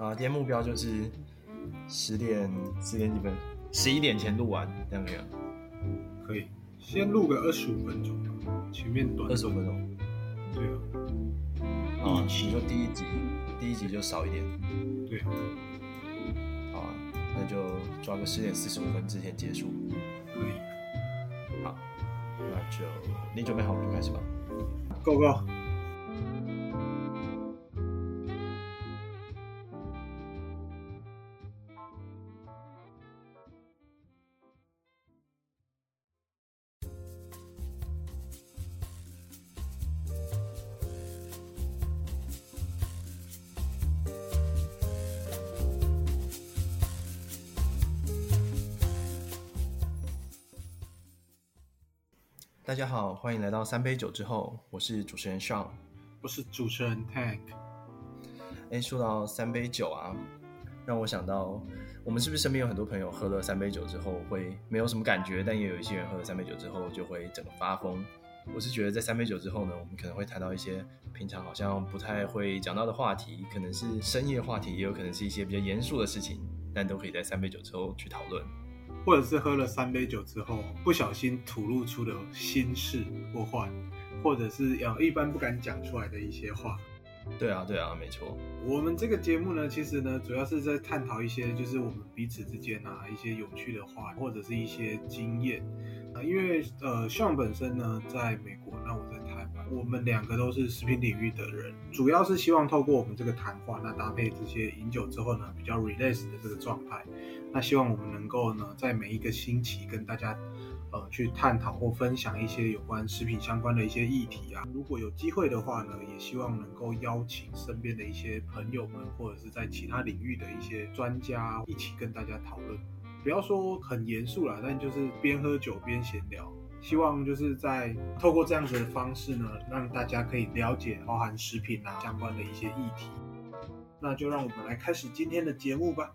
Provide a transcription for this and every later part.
啊，今天目標就是十點十點幾分，十一點前錄完，這樣子嗎？可以，先錄個二十五分鐘，嗯，前面短，短。二十五分鐘？對啊。啊，你說第一集，第一集就少一點。對啊，嗯。好啊，那就抓個十點四十五分之前結束。可以。好，那就你準備好了就開始吧。Go go！大家好，歡迎來到三杯酒之後，我是主持人 Sean，我是主持人 Tank。誒，說到三杯酒啊，讓我想到，我們是不是身邊有很多朋友喝了三杯酒之後會沒有什麼感覺，但也有一些人喝了三杯酒之後就會整個發瘋。我是覺得在三杯酒之後呢，我們可能會談到一些平常好像不太會講到的話題，可能是深夜話題，也有可能是一些比較嚴肅的事情，但都可以在三杯酒之後去討論。或者是喝了三杯酒之後不小心吐露出的心事或話，或者是要一般不敢講出來的一些話。對啊，對啊，沒錯。我們這個節目呢，其實呢，主要是在探討一些就是我們彼此之間啊一些有趣的話，或者是一些經驗。呃，因為呃，像本身呢在美國，那我在。我們兩個都是食品領域的人，主要是希望透過我們這個談話，那搭配這些飲酒之後呢，比較 relax 的這個狀態，那希望我們能夠呢，在每一個星期跟大家，呃，去探討或分享一些有關食品相關的一些議題啊。如果有機會的話呢，也希望能夠邀請身邊的一些朋友們，或者是在其他領域的一些專家一起跟大家討論，不要說很嚴肅啦，但就是邊喝酒邊閒聊。希望就是在透過這樣子的方式呢，讓大家可以了解包含食品啊相關的一些議題。那就讓我們來開始今天的節目吧。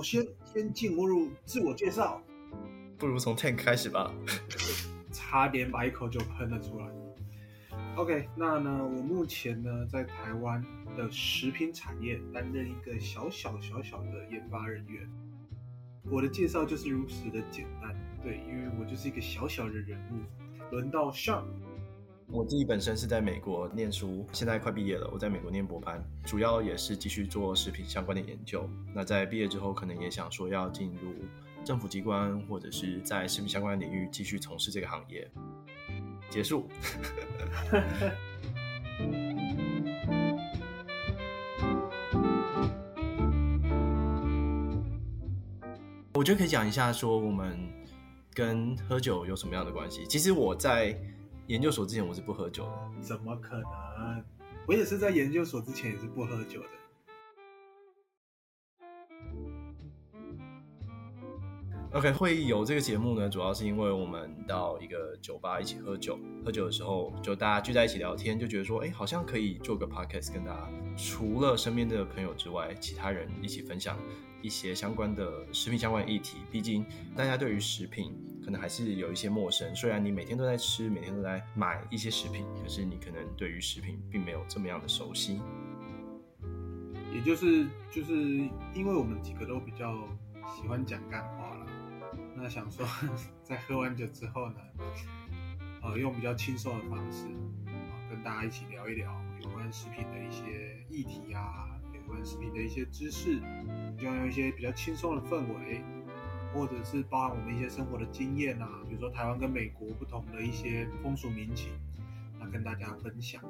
首先，先進入自我介紹，不如從 tank 開始吧。 差點把一口酒噴了出來。OK，那呢，我目前呢在台灣的食品產業擔任一個小、小小小小的研發人員。我的介紹就是如此的簡單，對，因為我就是一個小小的人物。輪到上。我自己本身是在美國念書，現在快畢業了。我在美國念博班，主要也是繼續做食品相關的研究。那在畢業之後，可能也想說要進入政府機關，或者是在食品相關領域繼續從事這個行業。結束。 我覺得可以講一下說我們跟喝酒有什麼樣的關係。其實我在。研究所之前我是不喝酒的，怎麼可能？我也是在研究所之前也是不喝酒的。OK，會有這個節目呢，主要是因為我們到一個酒吧一起喝酒，喝酒的時候就大家聚在一起聊天，就覺得說，哎、欸，好像可以做個 podcast 跟大家，除了身邊的朋友之外，其他人一起分享一些相關的食品相關的議題。畢竟大家對於食品。可能還是有一些陌生，雖然你每天都在吃，每天都在買一些食品，可是你可能對於食品並沒有這麼樣的熟悉。也就是，就是因為我們幾個都比較喜歡講幹話了，那想說在喝完酒之後呢，呃，用比較輕鬆的方式，啊，跟大家一起聊一聊有關食品的一些議題啊，有關食品的一些知識，就要用一些比較輕鬆的氛圍。或者是包含我們一些生活的經驗啊，比如說台灣跟美國不同的一些風俗民情，那、啊、跟大家分享，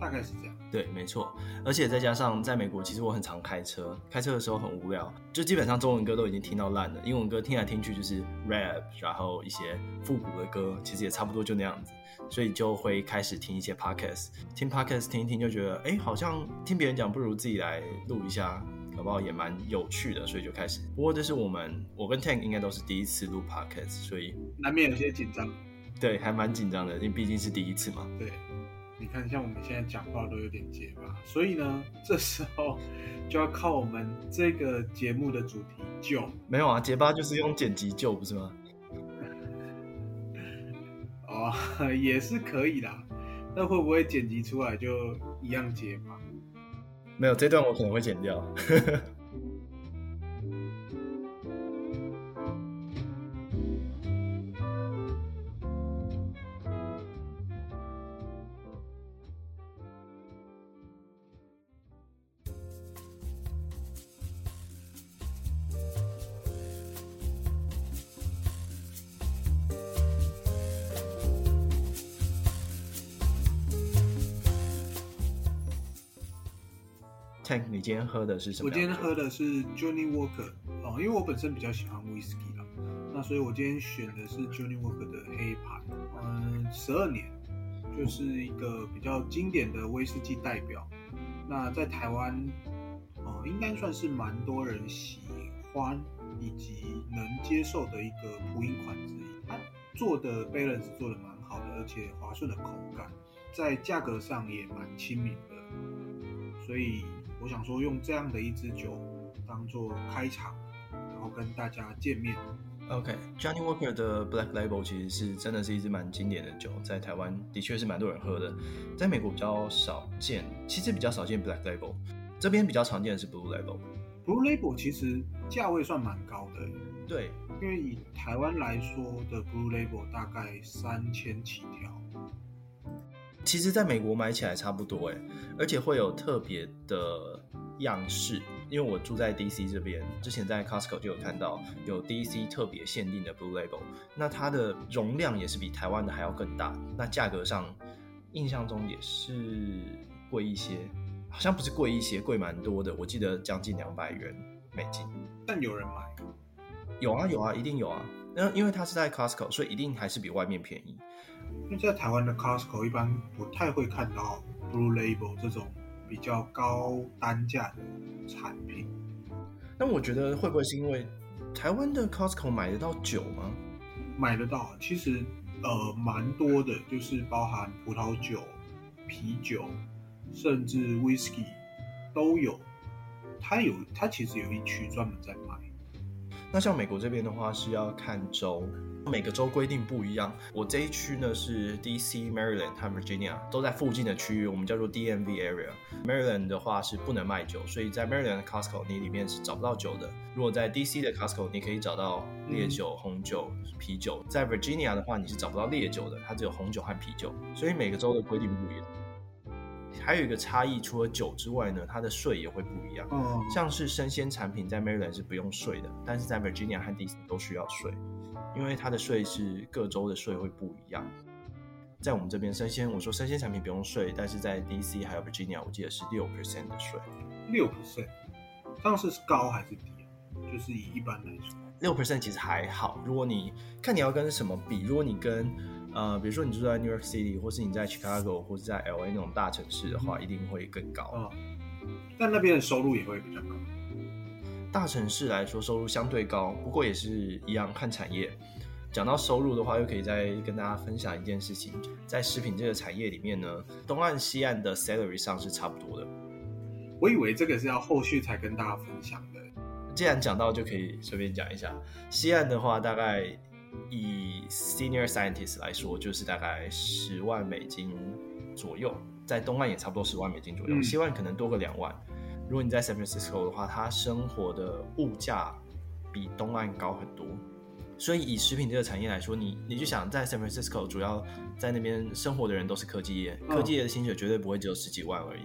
大概是這樣。對，沒錯。而且再加上在美國，其實我很常開車，開車的時候很無聊，就基本上中文歌都已經聽到爛了，英文歌聽來聽去就是 rap，然後一些復古的歌，其實也差不多就那樣子，所以就會開始聽一些 podcast，聽 podcast 聽一聽就覺得，哎，好像聽別人講不如自己來錄一下。搞不好也蠻有趣的，所以就開始。不過這是我們，我跟 Tank 應該都是第一次錄 Podcast，所以難免有些緊張。對，還蠻緊張的，因為畢竟是第一次嘛。對，你看，像我們現在講話都有點結巴，所以呢，這時候就要靠我們這個節目的主題就。沒有啊，結巴就是用剪輯就，不是嗎？ 哦，也是可以啦。那會不會剪輯出來就一樣結巴？沒有這段，我可能會剪掉。呵呵你今天喝的是什麼？我今天喝的是 Johnnie Walker 哦，因為我本身比較喜歡 whisky 啦，那所以我今天選的是 Johnnie Walker 的黑牌，嗯，十二年，就是一個比較經典的威士忌代表。那在台灣，哦，應該算是蠻多人喜歡以及能接受的一個普飲款之一。它做的 balance 做的蠻好的，而且滑順的口感，在價格上也蠻親民的，所以。我想說用這樣的一支酒當做開場，然後跟大家見面。OK，Johnny Walker 的 Black Label 其實是真的是一支蠻經典的酒，在台灣的確是蠻多人喝的，在美國比較少見，其實比較少見 Black Label，這邊比較常見的是 Blue Label。Blue Label 其實價位算蠻高的，對，因為以台灣來說的 Blue Label 大概三千起跳。其實，在美國買起來差不多哎，而且會有特別的樣式。因為我住在 DC 這邊，之前在 Costco 就有看到有 DC 特別限定的 Blue Label，那它的容量也是比台灣的還要更大。那價格上，印象中也是貴一些，好像不是貴一些，貴蠻多的。我記得將近兩百元美金。但有人買？有啊有啊，一定有啊。嗯，因為它是在 Costco，所以一定還是比外面便宜。因為在台灣的 Costco 一般不太會看到 Blue Label 這種比較高單價的產品，那我覺得會不會是因為台灣的 Costco 買得到酒嗎？買得到啊，其實呃蠻多的，就是包含葡萄酒、啤酒，甚至 Whisky 都有，它有它其實有一區專門在賣。那像美國這邊的話是要看州，每個州規定不一樣。我這一區呢是 DC, Maryland 和 Virginia 都在附近的區域，我們叫做 DMV area。Maryland 的話是不能賣酒，所以在 Maryland 的 Costco 你裡面是找不到酒的。如果在 DC 的 Costco 你可以找到烈酒、紅酒、啤酒。在 Virginia 的話你是找不到烈酒的，它只有紅酒和啤酒。所以每個州的規定不一樣。還有一個差異，除了酒之外呢，它的稅也會不一樣。嗯，像是生鮮產品在 Maryland 是不用稅的，但是在 Virginia 和 DC 都需要稅，因為它的稅是各州的稅會不一樣。在我們這邊生鮮，我說生鮮產品不用稅，但是在 DC 還有 Virginia，我記得是六 percent 的稅。六 percent，當時是高還是低？就是以一般來說，六 percent 其實還好。如果你看你要跟什麼比，如果你跟呃，比如說你住在 New York City，或是你在 Chicago，或是在 LA 那種大城市的話，一定會更高。哦，但那邊的收入也會比較高。大城市來說，收入相對高，不過也是一樣看產業。講到收入的話，又可以再跟大家分享一件事情，在食品這個產業裡面呢，東岸西岸的 salary 上是差不多的。我以為這個是要後續才跟大家分享的，既然講到，就可以隨便講一下。西岸的話，大概。以 senior scientist 來說，就是大概十萬美金左右，在東岸也差不多十萬美金左右，嗯、西岸可能多個兩萬。如果你在 San Francisco 的話，它生活的物價比東岸高很多，所以以食品這個產業來說，你你就想在 San Francisco，主要在那邊生活的人都是科技業，科技業的薪水絕對不會只有十幾萬而已。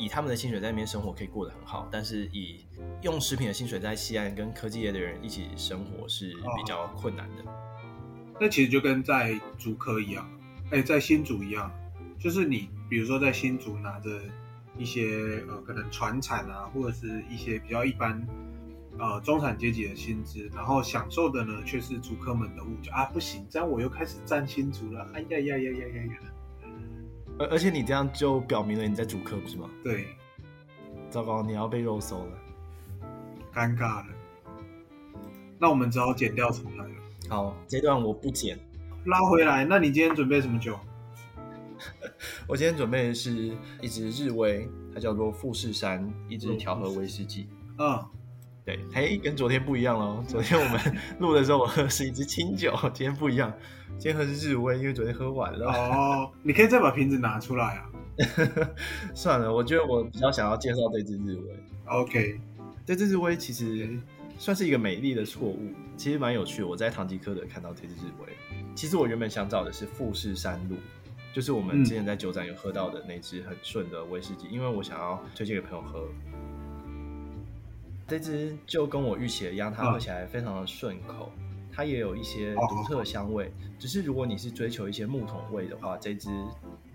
以他們的薪水在那邊生活可以過得很好，但是以用食品的薪水在西岸跟科技業的人一起生活是比較困難的。哦、那其實就跟在竹科一樣，哎、欸，在新竹一樣，就是你比如說在新竹拿着一些呃可能傳產啊，或者是一些比較一般呃中產階級的薪資，然後享受的呢卻是竹科們的物價啊，不行，這樣我又開始占新竹了，哎呀呀呀呀呀呀、呀！而且你這樣就表明了你在主客，不是嗎？對，糟糕，你要被肉搜了，尷尬了。那我們只好剪掉重來了。好，這段我不剪，拉回來。那你今天準備什麼酒？ 我今天準備的是一支日威，它叫做富士山，一支調和威士忌啊。嗯哎、hey，跟昨天不一樣嘍。昨天我們錄的時候，我喝是一支清酒，今天不一樣，今天喝是日威，因為昨天喝完了。哦、oh，你可以再把瓶子拿出來啊。 算了，我覺得我比較想要介紹這支日威。OK，這支日威其實算是一個美麗的錯誤，其實蠻有趣的。我在唐吉訶德看到這支日威，其實我原本想找的是富士山路，就是我們之前在酒展有喝到的那支很順的威士忌，嗯，因為我想要推薦給朋友喝。這支就跟我預期的一樣，它喝起來非常的順口，啊、它也有一些獨特香味，啊。只是如果你是追求一些木桶味的話，啊、這支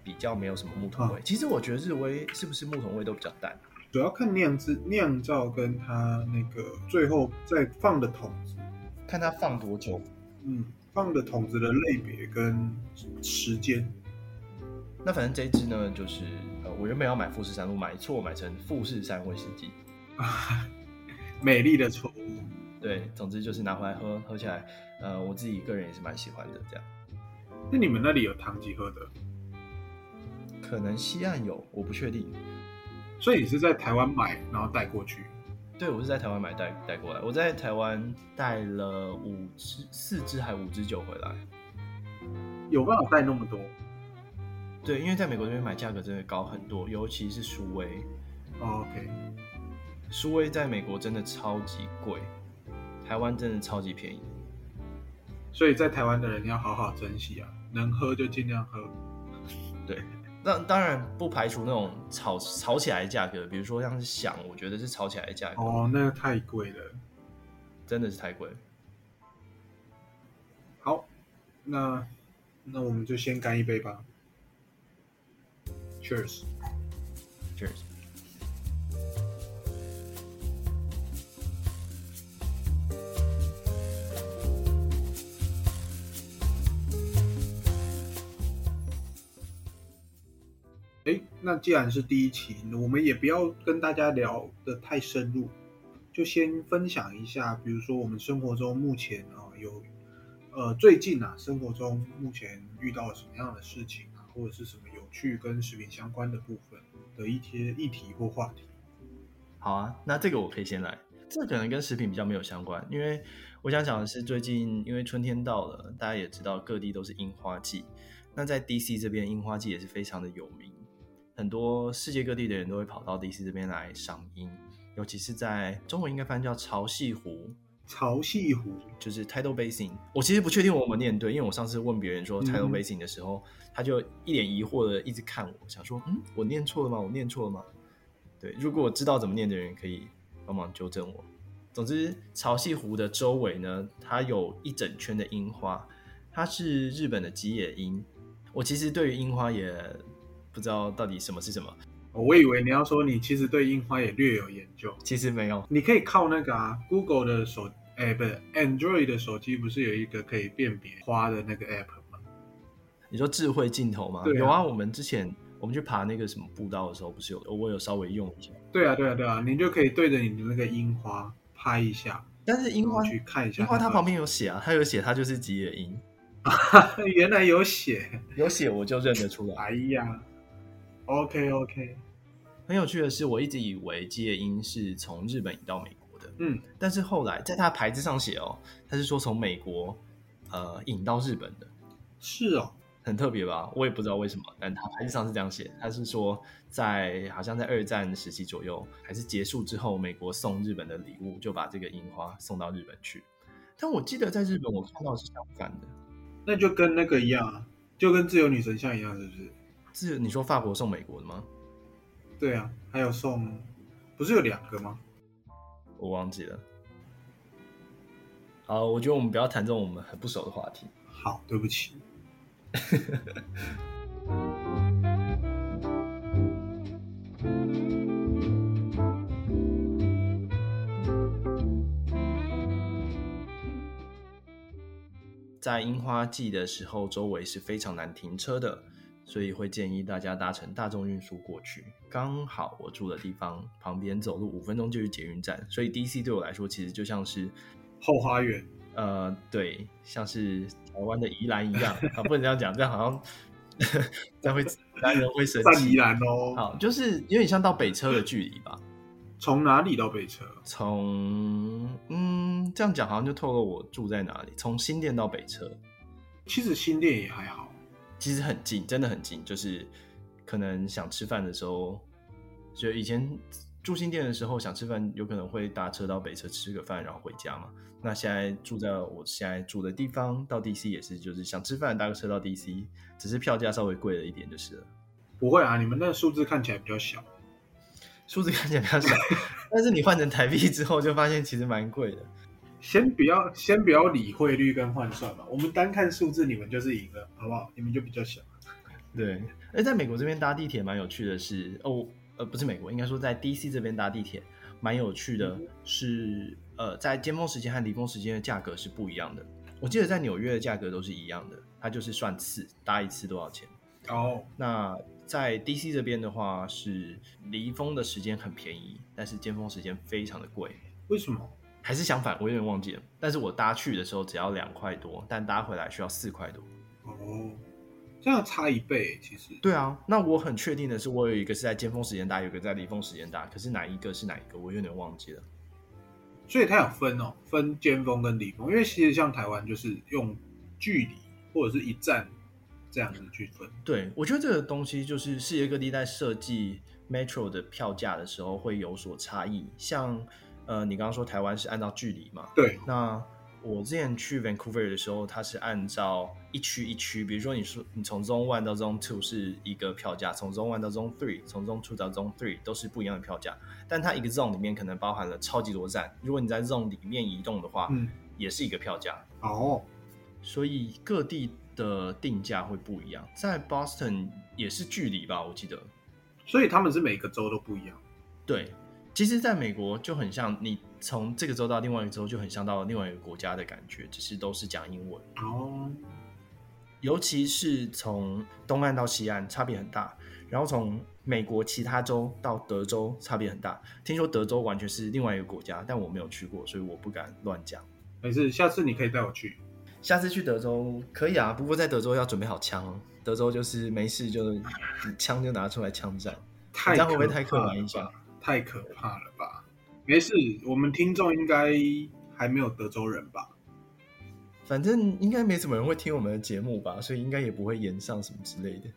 比較沒有什麼木桶味，啊。其實我覺得日威是不是木桶味都比較淡，主要看釀製、釀造跟它那個最後再放的桶子，看它放多久。嗯，放的桶子的類別跟時間。嗯、時間，那反正這支呢，就是、呃、我原本要買富士山麓，買錯買成富士山麓威士忌。啊美麗的錯誤，對，總之就是拿回來喝，喝起來，呃，我自己個人也是蠻喜歡的。這樣，那你們那裡有唐吉訶德？可能西岸有，我不確定。所以你是在台灣買，然後帶過去？對，我是在台灣買，帶帶過來。我在台灣帶了五隻、四隻還五隻酒回來。有辦法帶那麼多？對，因為在美國這邊買價格真的高很多，尤其是蘇維。Oh, OK。蘇威在美國真的超級貴，台灣真的超級便宜，所以在台灣的人要好好珍惜啊，能喝就盡量喝。 對，那當然不排除那種炒炒起來的價格，比如說像是響，我覺得是炒起來的價格。哦，那個太貴了，真的是太貴。好，那那我們就先乾一杯吧。Cheers，Cheers，Cheers。那既然是第一期，我們也不要跟大家聊得太深入，就先分享一下，比如說我們生活中目前啊、哦、有，呃，最近啊生活中目前遇到什麼樣的事情啊，或者是什麼有趣跟食品相關的部分的一些議題或話題。好啊，那這個我可以先來。這可能跟食品比較沒有相關，因為我想講的是最近因為春天到了，大家也知道各地都是櫻花季，那在 DC 這邊櫻花季也是非常的有名。很多世界各地的人都會跑到 DC 這邊來賞櫻，尤其是在中文應該翻叫潮汐湖。潮汐湖就是 Tidal Basin。我其實不確定我我念對，因為我上次問別人說 Tidal Basin 的時候，他就一臉疑惑的一直看我，嗯、想說嗯，我念錯了嗎？我念錯了嗎？對，如果我知道怎麼念的人可以幫忙糾正我。總之，潮汐湖的周圍呢，它有一整圈的櫻花，它是日本的吉野櫻。我其實對於櫻花也。不知道到底什麼是什麼，哦、我以為你要說你其實對櫻花也略有研究，其實沒有。你可以靠那個啊，Google 的手，p、欸、不 Android 的手機，不是有一個可以辨別花的那個 App 嗎？你說智慧鏡頭嗎？對啊。有啊，我們之前我們去爬那個什麼步道的時候，不是有我有稍微用一下。對啊，對啊，對啊，你就可以對着你的那個櫻花拍一下，但是櫻花去看一下，櫻花它旁邊有寫啊，它有寫它就是吉野櫻。 原來有寫有寫，我就認得出來。 哎呀。OK OK，很有趣的是，我一直以為吉野櫻是從日本引到美國的。嗯，但是後來在它牌子上寫哦，它是說從美國呃，引到日本的。是哦，很特別吧？我也不知道為什麼，但它牌子上是這樣寫，它是說在好像在二戰時期左右，還是結束之後，美國送日本的禮物，就把這個櫻花送到日本去。但我記得在日本，我看到是相反的，那就跟那個一樣，就跟自由女神像一樣，是不是？是你說法國送美國的嗎？對啊，還有送，不是有兩個嗎？我忘記了。好，我覺得我們不要談這種我們很不熟的話題。好，對不起。 在櫻花季的時候，周圍是非常難停車的。所以會建議大家搭乘大眾運輸過去。剛好我住的地方旁邊走路五分鐘就是捷運站，所以 DC 對我來說其實就像是後花園。呃，對，像是台灣的宜蘭一樣，啊， 不能這樣講，這樣好像，這 樣會男人會生氣。宜蘭哦，好，就是有點像到北車的距離吧。從哪裡到北車？從嗯，這樣講好像就透露我住在哪裡。從新店到北車，其實新店也還好。其實很近，真的很近。就是可能想吃飯的時候，就以前住新店的時候想吃飯，有可能會搭車到北車吃個飯，然後回家嘛。那現在住在我現在住的地方，到 DC 也是，就是想吃飯搭個車到 DC，只是票價稍微貴了一點就是了。不會啊，你們那數字看起來比較小，數字看起來比較小， 但是你換成台幣之後，就發現其實蠻貴的。先不要先不要理匯率跟換算吧，我們單看數字，你們就是贏了，好不好？你們就比較小。對，而且，在美國這邊搭地鐵蠻有趣的是，是哦，呃，不是美國，應該說在 DC 這邊搭地鐵蠻有趣的是，是、嗯、呃，在尖峰時間和離峰時間的價格是不一樣的。我記得在紐約的價格都是一樣的，它就是算次，搭一次多少錢？哦，那在 DC 這邊的話，是離峰的時間很便宜，但是尖峰時間非常的貴。為什麼？還是相反，我有點忘記了。但是我搭去的時候只要兩塊多，但搭回來需要四塊多。哦，這樣差一倍其實。對啊，那我很確定的是，我有一個是在尖峰時間搭，有一個在離峰時間搭。可是哪一個是哪一個，我有點忘記了。所以它有分哦，分尖峰跟離峰，因為其實像台灣就是用距離或者是一站這樣子去分。對，我覺得這個東西就是世界各地在設計 metro 的票價的時候會有所差異，像。呃，你剛剛說台灣是按照距離嘛？對。那我之前去 Vancouver 的時候，它是按照一區一區，比如說你說你從 Zone One 到 Zone Two 是一個票價，從 Zone One 到 Zone Three，從 Zone Two 到 Zone Three 都是不一樣的票價。但它一個 Zone 裡面可能包含了超級多站，如果你在 Zone 裡面移動的話，嗯，也是一個票價。哦，oh，所以各地的定價會不一樣。在 Boston 也是距離吧，我記得。所以他們是每個州都不一樣。對。其實，在美國就很像你從這個州到另外一個州，就很像到另外一個國家的感覺，只是都是講英文。哦、oh.，尤其是從東岸到西岸，差別很大。然後從美國其他州到德州，差別很大。聽說德州完全是另外一個國家，但我沒有去過，所以我不敢亂講。沒事，下次你可以帶我去。下次去德州可以啊，不過在德州要準備好槍。德州就是沒事，就是槍就拿出來槍戰，你這樣會不會太刻板一下？太可怕了吧？沒事，我們聽眾應該還沒有德州人吧？反正應該沒什麼人會聽我們的節目吧，所以應該也不會演上什麼之類的。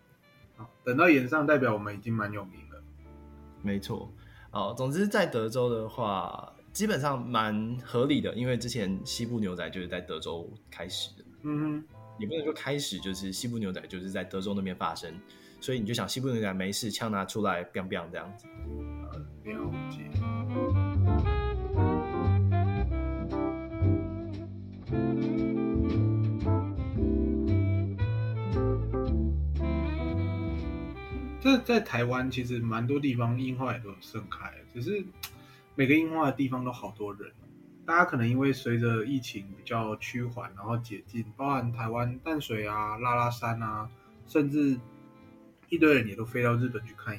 好，等到演上，代表我們已經蠻有名了。沒錯，好，總之在德州的話，基本上蠻合理的，因為之前西部牛仔就是在德州開始的。嗯哼，也不能說開始就是西部牛仔就是在德州那邊發生，所以你就想西部牛仔沒事，槍拿出來，叮叮這樣子。了解。這在台灣其實蠻多地方櫻花也都有盛開，只是每個櫻花的地方都好多人，大家可能因為隨着疫情比較趨緩，然後解禁，包含台灣淡水啊、拉拉山啊，甚至一堆人也都飛到日本去看。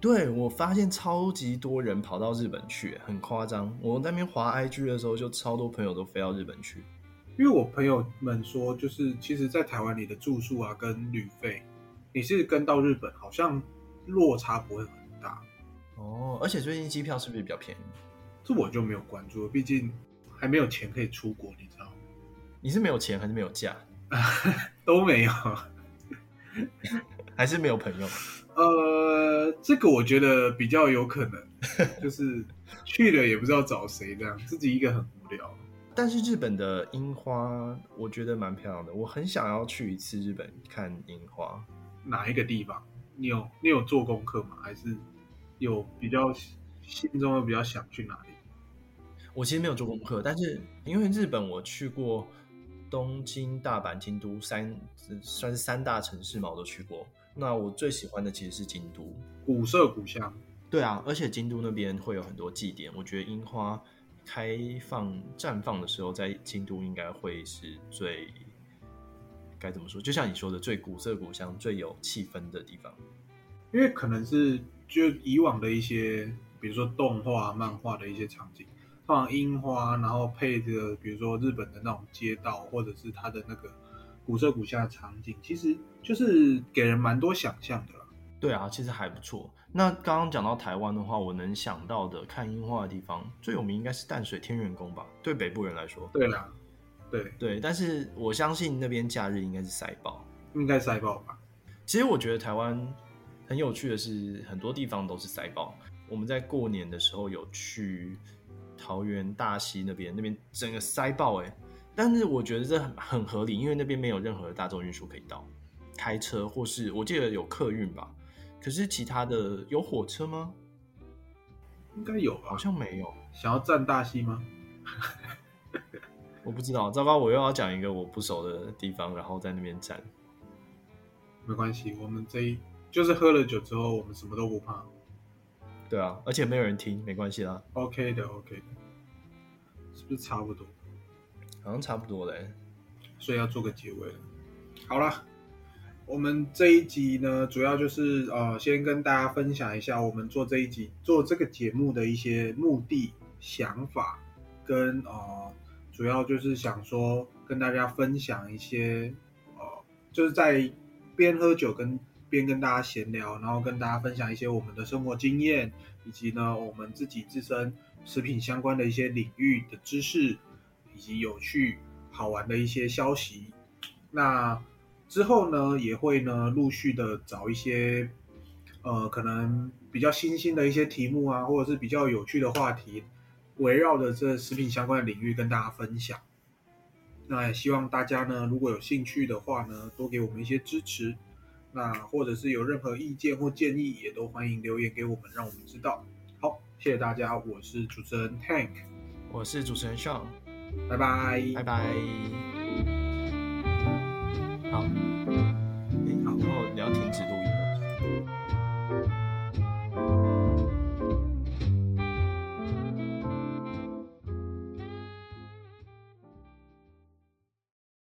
對，我發現超級多人跑到日本去，很誇張。我在那邊滑 IG 的時候，就超多朋友都飛到日本去。因為我朋友們說，就是其實，在台灣你的住宿啊跟旅費，你是跟到日本，好像落差不會很大。哦，而且最近機票是不是比較便宜？這我就沒有關注，畢竟還沒有錢可以出國，你知道嗎？你是沒有錢還是沒有假，啊？都沒有， 還是沒有朋友？呃，這個我覺得比較有可能，就是去了也不知道找誰，這樣 自己一個很無聊。但是日本的櫻花，我覺得蠻漂亮的，我很想要去一次日本看櫻花。哪一個地方？你有你有做功課嗎？還是有比較心中會比較想去哪裡？我其實沒有做功課，嗯，但是因為日本我去過東京、大阪、京都三，算是三大城市嘛，我都去過。那我最喜歡的其實是京都，古色古香。對啊，而且京都那邊會有很多祭典。我覺得櫻花開放綻放的時候，在京都應該會是最該怎麼說？就像你說的，最古色古香、最有氣氛的地方。因為可能是就以往的一些，比如說動畫、漫畫的一些場景，放櫻花，然後配着、這個、比如說日本的那種街道，或者是它的那個。古色古香的場景，其實就是給人蠻多想象的。對啊，其實還不錯。那剛剛講到台灣的話，我能想到的看櫻花的地方，最有名應該是淡水天元宮吧？對北部人來說。對啊，對對。但是我相信那邊假日應該是塞爆，應該是塞爆吧？其實我覺得台灣很有趣的是，很多地方都是塞爆。我們在過年的時候有去桃園大溪那邊，那邊整個塞爆哎、欸。但是我覺得這很合理，因為那邊沒有任何的大眾運輸可以到，開車或是我記得有客運吧。可是其他的有火車嗎？應該有吧？好像沒有。想要站大溪嗎？ 我不知道，糟糕，我又要講一個我不熟的地方，然後在那邊站。沒關係，我們這一就是喝了酒之後，我們什麼都不怕。對啊，而且沒有人聽，沒關係啦。OK 的，OK 的，是不是差不多？好像差不多了，所以要做個結尾好了，我們這一集呢，主要就是呃，先跟大家分享一下我們做這一集、做這個節目的一些目的、想法，跟呃，主要就是想說跟大家分享一些呃，就是在邊喝酒跟邊跟大家閒聊，然後跟大家分享一些我們的生活經驗，以及呢，我們自己自身食品相關的一些領域的知識。以及有趣、好玩的一些消息，那之後呢，也會呢陸續的找一些，呃，可能比較新興的一些題目啊，或者是比較有趣的話題，圍繞着這食品相關的領域跟大家分享。那也希望大家呢，如果有興趣的話呢，多給我們一些支持。那或者是有任何意見或建議，也都歡迎留言給我們，讓我們知道。好，謝謝大家，我是主持人 Tank，我是主持人尚。拜拜，拜拜，拜拜。嗯、好，哎，好，然後聊停止。